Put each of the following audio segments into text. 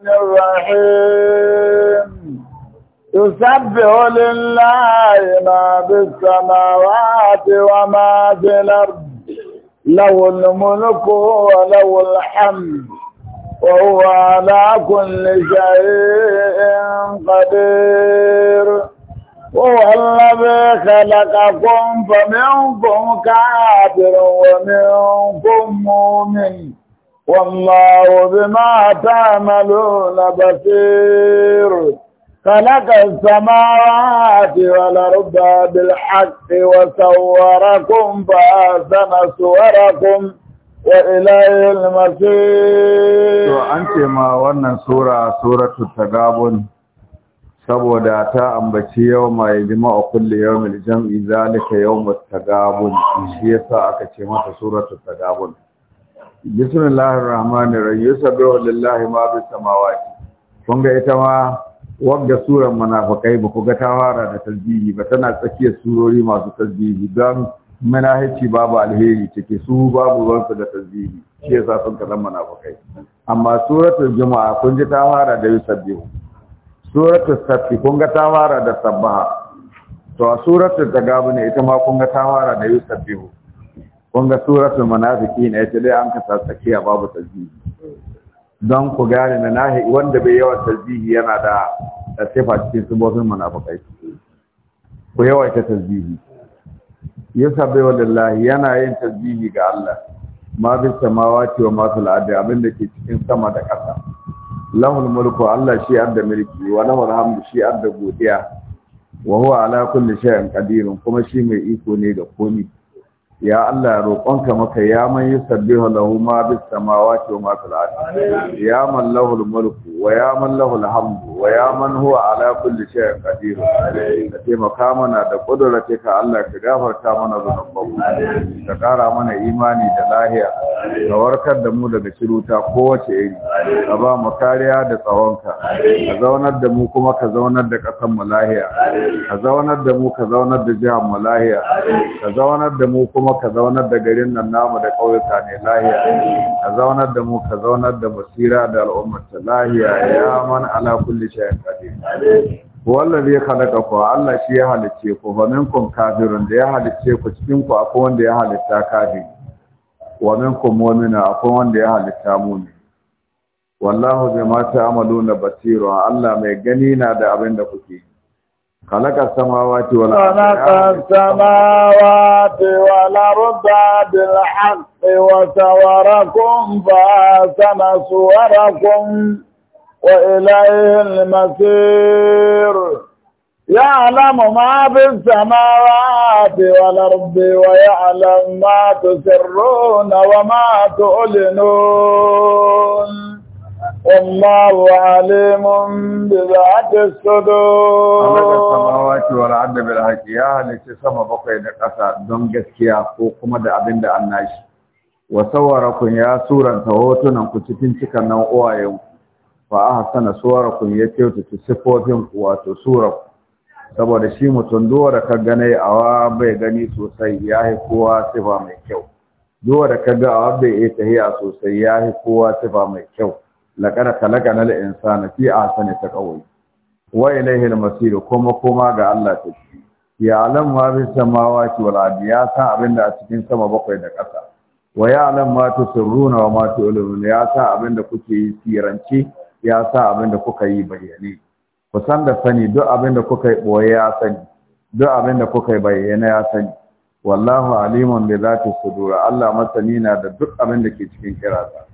الرحيم يسبح لله ما في السماوات وما في الأرض له الملك وله الحمد وهو على كل شيء قدير وهو الذي خلقكم فمنكم كافر ومنكم مؤمن والله بما تعملون بصير خلق السماوات والأرض بالحق وصوركم فأحسن صوركم وإليه المصير تو أنت ما ورنا سورة سورة التقابل سبو داتا أم بشي يوم يجمع كل يوم الجمع ذلك يوم التقابل شيء ساعة سورة التقابل bismillahir rahmanir rahim yusabbihu lillahi ma bis samawati kun ga ita ma wanda suran munafikai ba ku ga ta fara da tasbihi ba tana tsakiyar surori masu tasbihi don munafici babu alheri take su babu ruwansu da tasbihi shi yasa sun kaza munafikai amma suratul juma'a kun ji ta fara da yusabbihu suratul safi kun ga ta fara da sabbaha to a suratul tagabu ita ma kun ga ta fara da yusabbihu kun ga suratul manafiki ne yace dai an ka tsakiya babu tasbihi don ku gane na nahi wanda bai yawan tasbihi yana da sifa cikin sifofin munafikai ku yawaita tasbihi yusabbihu lillahi yana yin tasbihi ga Allah ma bi samawati wa ma fil ardi abin da ke cikin sama da ƙasa lahul mulku Allah shi adda mulki wa lahul hamdu shi adda godiya wa huwa ala kulli shay'in qadirun kuma shi mai iko ne ga komai ya Allah roƙonka maka ya man yusabbihu lahu ma bis samawati wa ma fil ya man lahu al mulku wa ya man lahu al hamdu wa ya man huwa ala kulli shay'in qadir ka taimaka mana da ka Allah ka gafarta mana zunubanmu ka ƙara mana imani da lahiya ka warkar da mu daga shiruta kowace iri ka ba mu kariya da tsawonka ka zaunar da mu kuma ka zaunar da ƙasar mu lahiya ka zaunar da mu ka zaunar da jihar mu lahiya ka zaunar da mu kuma kuma ka zaunar da garin nan namu da ƙauyuka ne lahiya ka zaunar da mu ka zaunar da basira da al'ummata lahiya ya man ala kulli shay'in qadir halaka ku Allah shi ya halicce ku fa minkum kafirun da ya halicce ku cikin ku akwai wanda ya halitta kafiri wa minkum mu'mina akwai wanda ya halitta mu'min wallahu bima ta'maluna basira Allah mai gani na da abin da kuke yi خلق السماوات والأرض خلق السماوات والأرض بالحق وصوركم فأحسن صوركم وإليه المسير يعلم ما في السماوات والأرض ويعلم ما تسرون وما تعلنون والله عليم بذات الصدور خلق السماوات والارض بالحق يا هلكي سما bakwai da ƙasa don gaskiya ko kuma da abin da an nashi wa sawarakum ya suranta hotunan ku cikin cikan nan uwayen fa ahsana suwarakum ya kyautata sifofin ku wato surar saboda shi mutum duwa da ka gane awa bai gani sosai ya yi kowa sifa mai kyau duwa da ka ga awa bai iya tahiya sosai ya yi kowa sifa mai kyau laqad na al-insana fi ahsani taqwim wa ilayhi al-masir kuma kuma ga Allah take ya alam ma bi samawati ya san da a cikin sama bakwai da ƙasa wa ya alam ma tusirruna wa ma tu'linuna ya san da kuke yi sirance ya san da kuka yi bayyane ku san da sani duk da kuka yi ya sani duk abinda kuka yi bayyane ya sani wallahu alimun bi zati sudura Allah masani na da duk abin da ke cikin kirata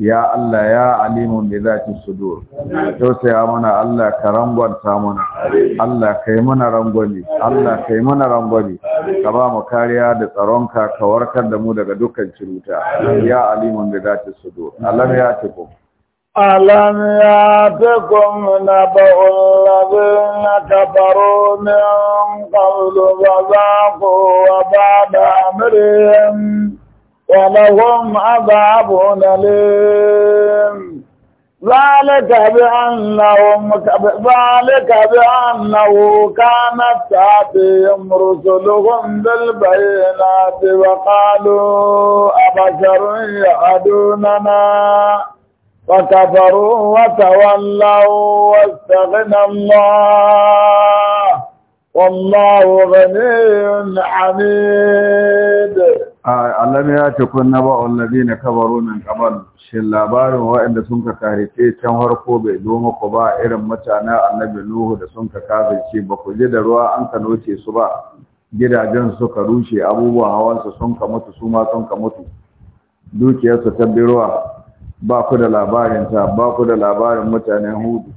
ya Allah ya alimun bi zati sudur tausaya mana Allah ka rangwanta mana Allah kai mana rangwani Allah kai mana rangwani ka ba mu kariya da tsaronka ka warkar da mu daga dukkan ciruta ya alimun bi zati sudur Allah ya ألم يأتكم نبأ الذين كفروا من قبل وذاقوا وبعد أمرهم ولهم عذاب أليم ذلك بأنهم ذلك بأنه كانت تأتيهم رسلهم بالبينات وقالوا أبشر يعدوننا فكفروا وتولوا واستغنى الله والله غني حميد alam ya ce kun na ba wallazi na kabaru nan kamar shin labarin waɗanda sun ka karice can harko bai zo muku ba irin mutanen annabi nuhu da sun ka kafirce ba ku ji da ruwa an ka noce su ba gidajen suka rushe abubuwan hawansu sun ka mutu su ma sun ka mutu dukiyarsu ta biruwa ba ku da labarinta ba ku da labarin mutanen hudu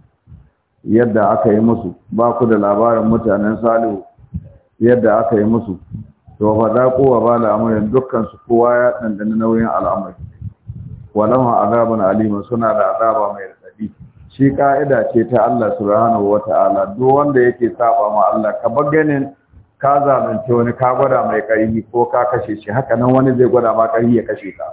yadda aka yi musu ba ku da labarin mutanen salihu yadda aka yi musu to fa za kowa ba al'amarin dukkan su kowa ya ɗanɗana nauyin al'amari walama azaban alima suna da azaba mai raɗaɗi shi ka'ida ce ta Allah subhanahu wata'ala duk wanda yake saba ma Allah ka bar ganin ka zalunce wani ka gwada mai ƙarfi ko ka kashe shi haka nan wani zai gwada ma ƙarfi ya kashe ka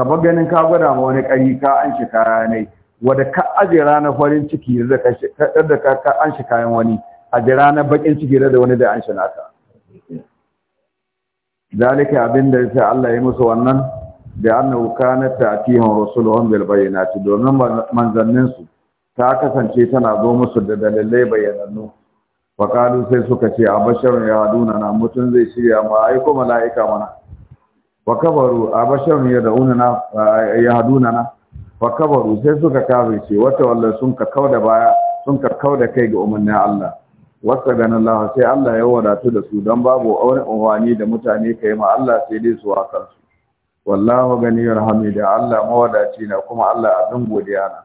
kamar ganin ka gwada ma wani ƙari ka an shi kaya wadda ka aje ranar farin ciki da ka an shi kayan wani a ranar bakin ciki da wani da an shi naka zalika abin da sai Allah ya musu wannan da annahu kanat ta'tihum rusuluhum bil bayyinati domin manzannin su ta kasance tana zo musu da dalilai bayyanannu kalu sai suka ce a ya haduna na mutum zai shirya ma aiko mala'ika mana fa kabaru abasharun yad'unana yahdunana na fakabaru sai suka kafirce wata wallahi sun ka kauda baya sun ka kauda kai ga umarnin Allah wasa ganin Allah sai Allah ya wadatu da su don babu auren umarni da mutane ka yi ma Allah sai dai su wakarsu. su wallahu ganiyar hamida Allah mawadaci na kuma Allah abin godiya na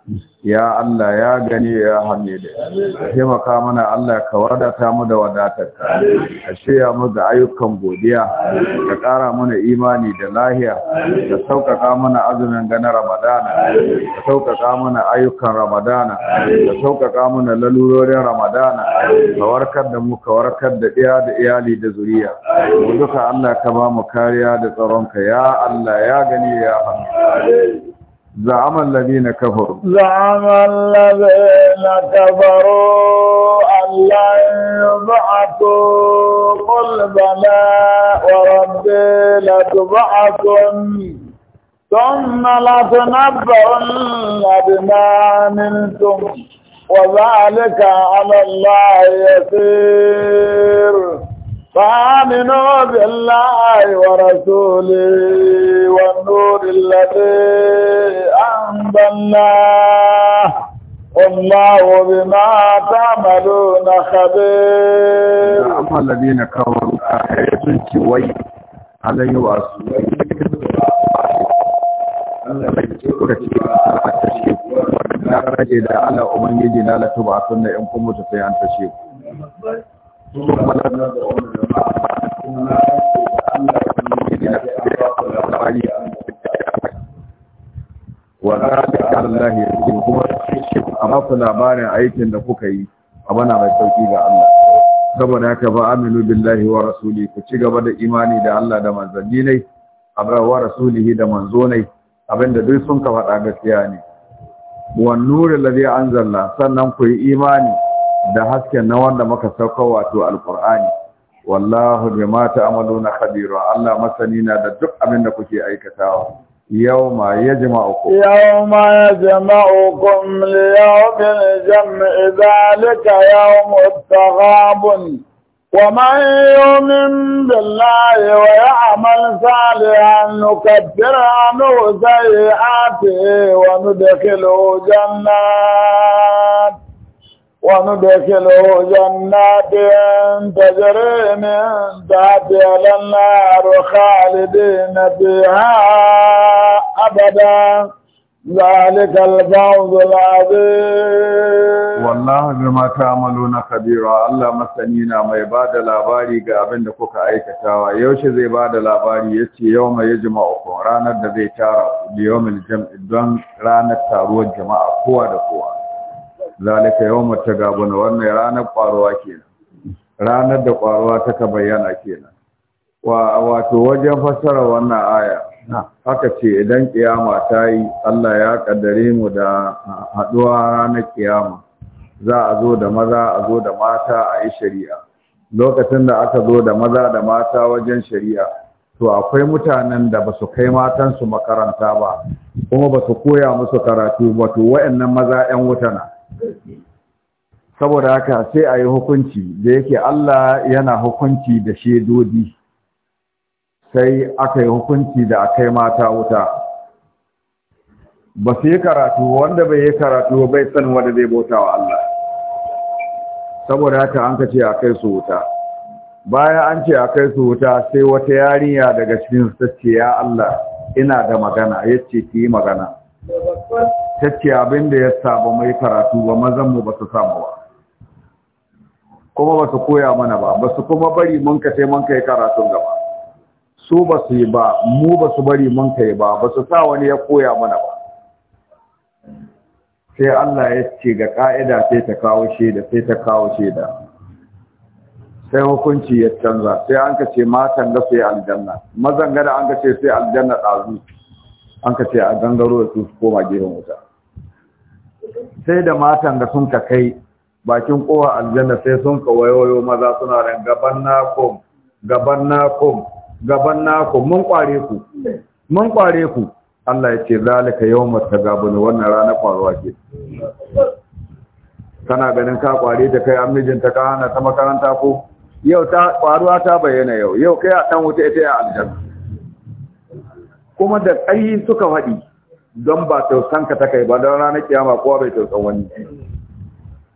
ya Allah ya gani ya hamidu ka taimaka mana Allah ka wadata mu da wadatarka ka shirya mu da ayyukan godiya ka ƙara mana imani da lahiya ka sauƙaƙa mana azumin ganin ramadana ka sauƙaƙa mana ayyukan ramadana ka sauƙaƙa mana lalurorin ramadana ka warkar da mu ka warkar da ɗaya da iyali da zuriya mu duka Allah ka ba mu kariya da tsaronka ya Allah ya gani ya hamidu زعم الذين كفروا زعم الذين كفروا أن لن يبعثوا قل بلى وربي لتبعثن ثم لتنبؤن بما عملتم وذلك على الله يسير فآمنوا بالله ورسوله والنور الذي أنزلنا والله بما تعملون خبير أما الذين كفروا آيات كوي على وأصله Allah bai ce kuka ce ba a tashe ku na rage da Allah ubangiji na latuba sai an baku labarin aikin da kuka yi a na mai sauki ga Allah saboda haka ba aminu billahi wa rasuli ku ci gaba da imani da Allah da manzanni ne wa rasulihi da manzo ne abinda duk sun ka faɗa gaskiya ne wan nuri ladhi anzalna sannan ku yi imani da hasken na wanda muka sauka wato alkur'ani wallahu bima ta'maluna khabira Allah masani na da duk abinda kuke aikatawa yawma yajma'ukum yawma yajma'ukum li yawmil jam'i zalika yawmut taghabun ومن يؤمن بالله ويعمل صالحا نكبر عنه سيئاته وندخله جنات وندخله جنات تجري من تحتها النار خالدين فيها ابدا ذلك الفوز العظيم والله بما تعملون خبيرا الله مسنينا ما يباد الاباري قابل نقوك ايك تاوى يوشي زي باد الاباري يسي يوم يجمع اخوان رانا دبي تارا اليوم الجمع الدن رانا تارو الجماعة قوة دقوة zalika yawmat gabuna wannan ranar kwarowa kenan ranar da kwarowa ta bayyana kenan wa wato wajen fassara wannan aya haka ce idan ƙiyama ta yi Allah ya kaddare mu da haɗuwa ranar ƙiyama. za a zo da maza a zo da mata a yi shari'a lokacin da aka zo da maza da mata wajen shari'a to akwai mutanen da ba su kai matansu makaranta ba kuma ba su koya musu karatu ba to wa'annan maza 'yan wuta na saboda haka sai a yi hukunci da yake Allah yana hukunci da shedodi sai aka yi hukunci da aka yi mata wuta ba su yi karatu wanda bai yi karatu bai san wanda zai bauta wa Allah saboda haka an ka ce a kai su wuta bayan an ce a kai su wuta sai wata yarinya daga cikin su ta ce ya Allah ina da magana yace ki yi magana tace abin da ya saba mai karatu ba mazan mu ba su samu ba kuma ba su koya mana ba ba su kuma bari mun ka sai mun kai karatun gaba su ba su yi ba mu ba su bari mun kai ba ba su sa wani ya koya mana ba sai Allah ya ce ga ka'ida sai ta kawo shaida sai ta kawo shaida sai hukunci ya canza sai an ka ce matan da sai aljanna mazan gada an ka ce sai aljanna ɗazu an ka ce a gangaro da su koma gidan wuta sai da matan da sun ka kai bakin kowa aljanna sai sun ka wayoyo maza suna ran gaban nakum gaban nakum gaban nakum mun kware ku mun kware ku Allah ya ce zalika yawmat tagabun wannan rana kwaruwa ke kana ganin ka kware ta kai amijinta ka hana ta makaranta ko yau ta kwaruwa ta bayyana yau yau kai a dan wuta ita a aljanna kuma da kai suka wadi don ba tausanka ta kai ba don ranar kiyama kowa bai tausan wani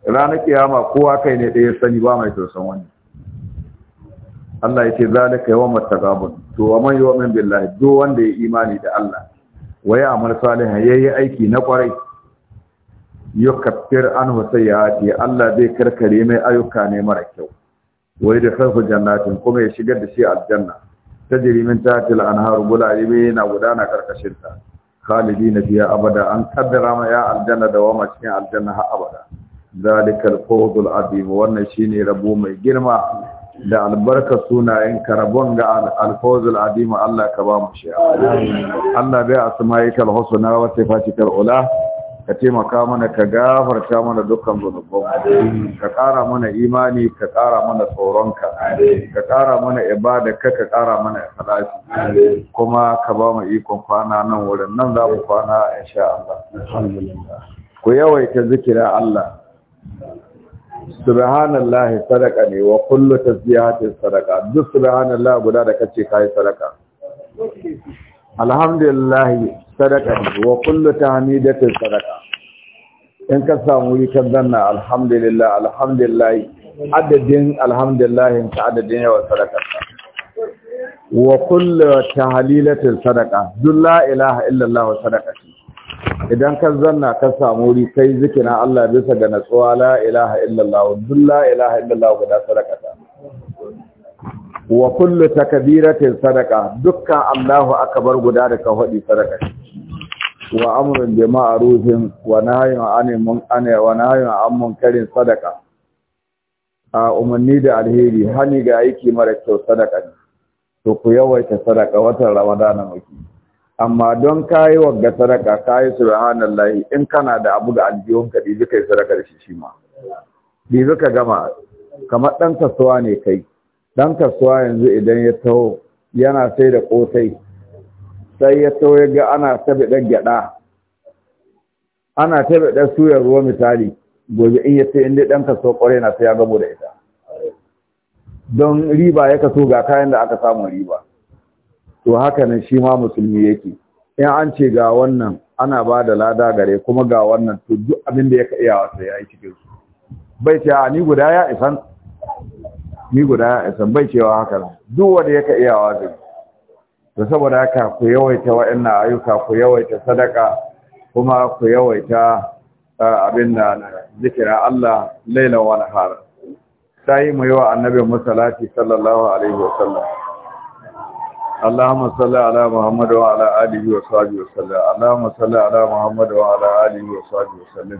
ranar kiyama kowa kai ne ɗaya sani ba mai tausan wani Allah ya ce za zalika yawan matagabun to wa man min billahi do wanda ya imani da Allah wa ya salih ya yi aiki na kwarai sai ya sayyiati Allah zai karkare mai ayyuka ne mara kyau wa yadkhilu jannatin kuma ya shigar da shi aljanna tajri min tahtil anharu bulalimin yana gudana karkashin khalidina fiha abada an kaddara ma ya aljanna da wa cikin aljanna har abada zalikal fawzul azim wannan shine rabo mai girma da albarka sunayen karabon ga alfawzul azim Allah ka ba mu Allah bai asma'ikal husna wa sifatikal ula ka taimaka mana ka gafarta mana dukkan zunubanmu ka ƙara mana imani ka ƙara mana tsoronka ka ƙara mana ibada ka ka ƙara mana ikhlasi kuma ka ba mu ikon kwana nan wurin nan za mu kwana insha Allah ku yawaita zikira Allah subhanallahi sadaka ne wa kullu tasbihatin sadaka duk subhanallahi guda da kace kai sadaka alhamdulillah sadaka wa kullu tahmidatin sadaka in ka samu kan zanna alhamdulillah alhamdulillah adadin alhamdulillah ta adadin yawan sadaka wa kullu tahlilatin sadaka duk la ilaha illallah sadaka idan ka zanna ka samu wuri kai zikina Allah bisa ga natsuwa la ilaha illallah duk la ilaha illallah guda sadaka wa kullu takbiratin sadaqa dukkan Allahu akbar guda da ka hodi sadaqa wa amrun bi ma'rufin wa nahyun mun ani wa nahyun 'an munkarin sadaqa a umanni da alheri hani ga aiki mara kyau sadaqa to ku yawaita sadaqa watan ramadana muke amma don wa ga sadaka kayi subhanallahi in kana da abu da aljihun ka dai kai sadaka da shi shi ma dai zaka gama kamar dan kasuwa ne kai dan kasuwa yanzu idan ya taho yana sai da ƙosai sai ya taho ya ga ana dan gyada ana dan suya ruwa misali gobe in ya sai inda dan kasuwa ƙwarai na sai ya gabo da ita don riba ya kaso ga kayan da aka samu riba to haka nan shi ma musulmi yake in an ce ga wannan ana ba da lada gare kuma ga wannan to duk abin da ya ka iya wasa ya yi cikin su bai ce a ni guda ya isan ni guda ya san cewa haka nan duk wanda yake iyawa zai to saboda haka ku yawaita wa'annan ayyuka ku yawaita sadaka kuma ku yawaita abin da zikira Allah laila wa nahara sai mu yi wa annabi musallati sallallahu alaihi wasallam اللهم صل على wa وعلى اله salli وسلم اللهم صل على ala وعلى wa وصحبه وسلم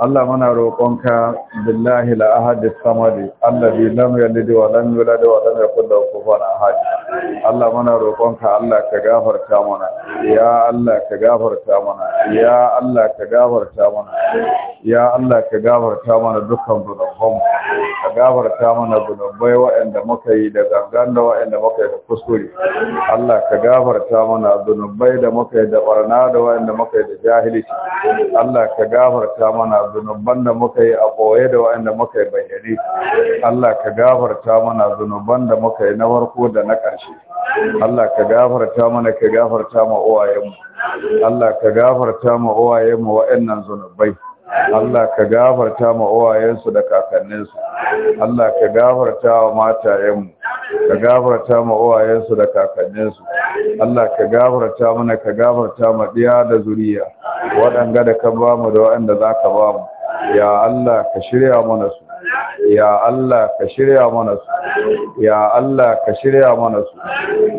Allah mana roƙonka billahi la ahad samadi alladhi lam yalid wa lam yulad wa lam yakul lahu kufuwan ahad Allah mana roƙonka Allah ka gafarta mana ya Allah ka gafarta mana ya Allah ka gafarta mana ya Allah ka gafarta mana dukkan zunubanmu ka gafarta mana zunubai waɗanda muka yi da gangan da waɗanda muka yi da kuskure Allah ka gafarta mana zunubai da muka yi da barna da waɗanda muka yi da jahilci Allah ka gafarta mana zunuban da muka yi a ɓoye da waɗanda muka yi bayyane Allah ka gafarta mana zunuban da muka yi na farko da na ƙarshe Allah ka gafarta mana ka gafarta ma uwayenmu Allah ka gafarta ma uwayenmu waɗannan zunubai Allah ka gafarta ma uwayensu da kakanninsu Allah ka gafarta wa matayenmu ka gafarta ma uwayensu da kakanninsu Allah ka gafarta mana ka gafarta ma diya da zuriya waɗanga da ka ba mu da waɗanda za ka ba mu ya Allah ka shirya mana su ya Allah ka shirya mana su ya Allah ka shirya mana su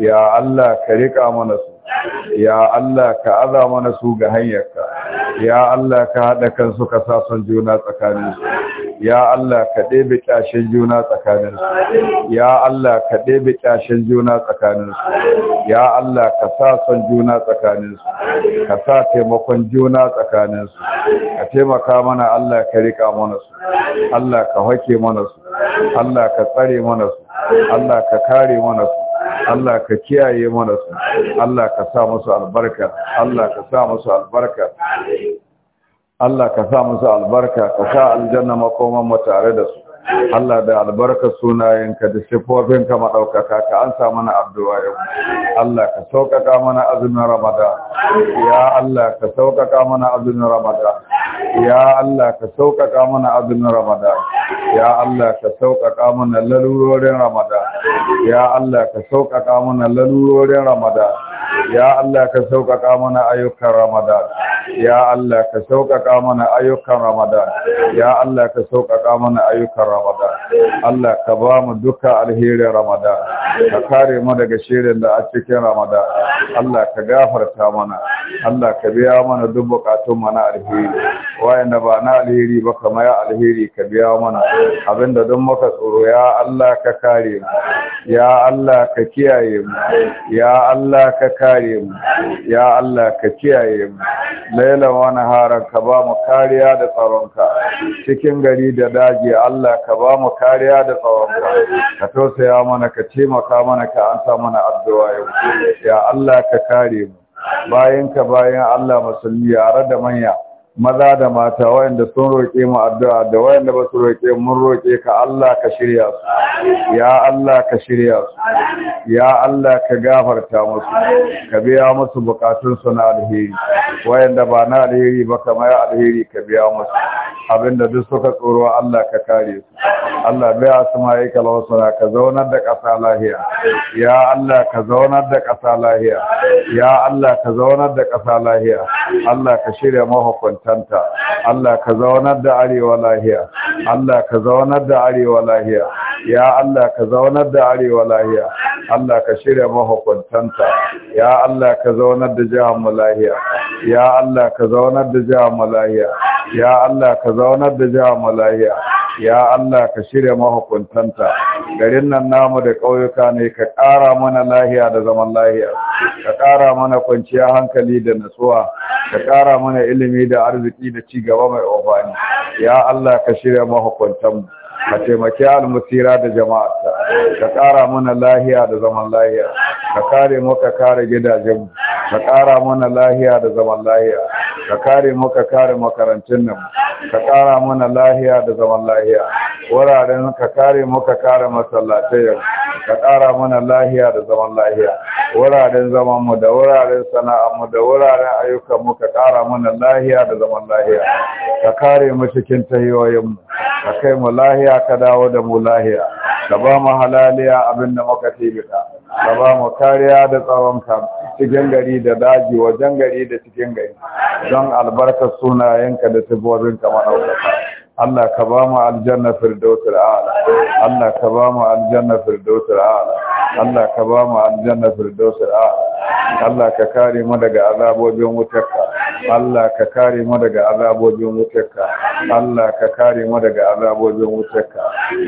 ya Allah ka rika mana su ya Allah ka aza mana su ga hanyarka ya Allah ka haɗa kansu ka sa son juna tsakaninsu ya Allah ka ɗebe ƙyashin juna tsakaninsu ya Allah ka ɗebe ƙyashin juna tsakaninsu ya Allah ka sa son juna tsakaninsu ka sa taimakon juna tsakaninsu ka taimaka mana Allah ka riƙa mana su Allah ka hake mana su Allah ka tsare mana su Allah ka kare mana su Allah ka kiyaye mana su Allah ka sa musu albarka Allah ka sa musu albarka Allah ka sa musu albarka ka sa aljanna makoman mu tare da su Allah da albarka sunayenka da shifofinka maɗaukaka ka an sa mana addu'a yau Allah ka sauƙaƙa mana azumin Ramadan ya Allah ka sauƙaƙa mana azumin Ramadan ya Allah ka sauƙaƙa mana azumin Ramadan ya Allah ka sauƙaƙa mana lalurorin Ramadan ya Allah ka sauƙaƙa mana lalurorin Ramadan ya Allah ka sauƙaƙa mana ayyukan Ramadan ya Allah ka sauƙaƙa mana ayyukan Ramadan ya Allah ka sauƙaƙa mana ayyukan Ramadan Allah ka ba mu duka alherin Ramadan ka kare mu daga shirin da a cikin Ramadan Allah ka gafarta mana Allah ka biya mana duk bukatun mu na alheri wayanda ba na alheri ba kama ya alheri ka biya mana abinda duk muka tsoro ya Allah ka kare mu ya Allah ka kiyaye mu ya Allah ka kare mu ya Allah ka kiyaye mu laila wa nahara ka ba mu kariya da tsaronka cikin gari da daji Allah ka ba mu kariya da tsawonka ka tausaya mana ka taimaka mana ka ansa mana addu'a yau ya Allah ka kare mu bayan ka bayan Allah musulmi yare da manya maza da mata wayanda sun roƙe mu addu'a da wayanda ba su roƙe mun roƙe ka Allah ka shirya su ya Allah ka shirya su ya Allah ka gafarta musu ka biya musu bukatun su na alheri wayanda ba na alheri ba kamar alheri ka biya musu abinda duk suka tsoro Allah ka kare su Allah biya su ma'aikal wasara ka zaunar da ƙasa lahiya ya Allah ka zaunar da ƙasa lahiya ya Allah ka zaunar da ƙasa lahiya Allah ka shirya mahukuntanta Allah ka zaunar da arewa lahiya Allah ka zaunar da arewa lahiya ya Allah ka zaunar da arewa lahiya Allah ka shirya mahukuntanta ya Allah ka zaunar da jihar mu lahiya ya Allah ka zaunar da jihar mu lahiya ya Allah ka zaunar da jihar mu lahiya ya Allah ka shirya mahukuntanta garin nan namu da ƙauyuka ne ka ƙara mana lahiya da zaman lahiya ka ƙara mana kwanciya hankali da natsuwa ka ƙara mana ilimi da arziki da ci gaba mai ofani ya Allah ka shirya mahukuntanmu ka taimaki almusira da jama'arta ka ƙara mana lahiya da zaman lahiya ka kare mu ka kare gidajenmu ka ƙara mana lahiya da zaman lahiya ka kare mu ka kare makarantun nan ka kara mana lahiya da zaman lahiya wuraren ka kare mu ka kare masallatai ka kara mana lahiya da zaman lahiya wuraren zaman mu da wuraren sana'ar mu da wuraren ayyukan mu ka kara mana lahiya da zaman lahiya ka kare mu cikin tahiyoyin mu ka kai mu lahiya ka dawo da mu lahiya ka ba mu halaliya da muka tibita ka ba mu kariya da tsaronka cikin gari da daji wajen gari da cikin gari don albarkar sunayenka da ka maɗaukaka Allah ka ba mu aljanna firdausul a'la Allah ka ba mu aljanna firdausul a'la Allah ka ba mu aljanna firdausul a'la Allah ka kare mu daga azabobin wutarka Allah ka kare mu daga azabobin wutarka Allah ka kare mu daga azabobin wutarka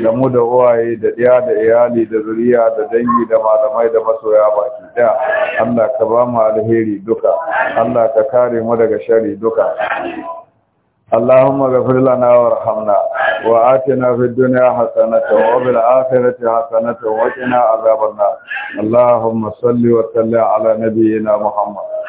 da mu da uwaye da ɗiya da iyali da zuriya da dangi da malamai da masoya baki ɗaya Allah ka ba mu alheri duka Allah ka kare mu daga shari duka اللهم اغفر لنا وارحمنا وآتنا في الدنيا حسنة وفي الآخرة حسنة وقنا عذاب النار اللهم صل وسلم على نبينا محمد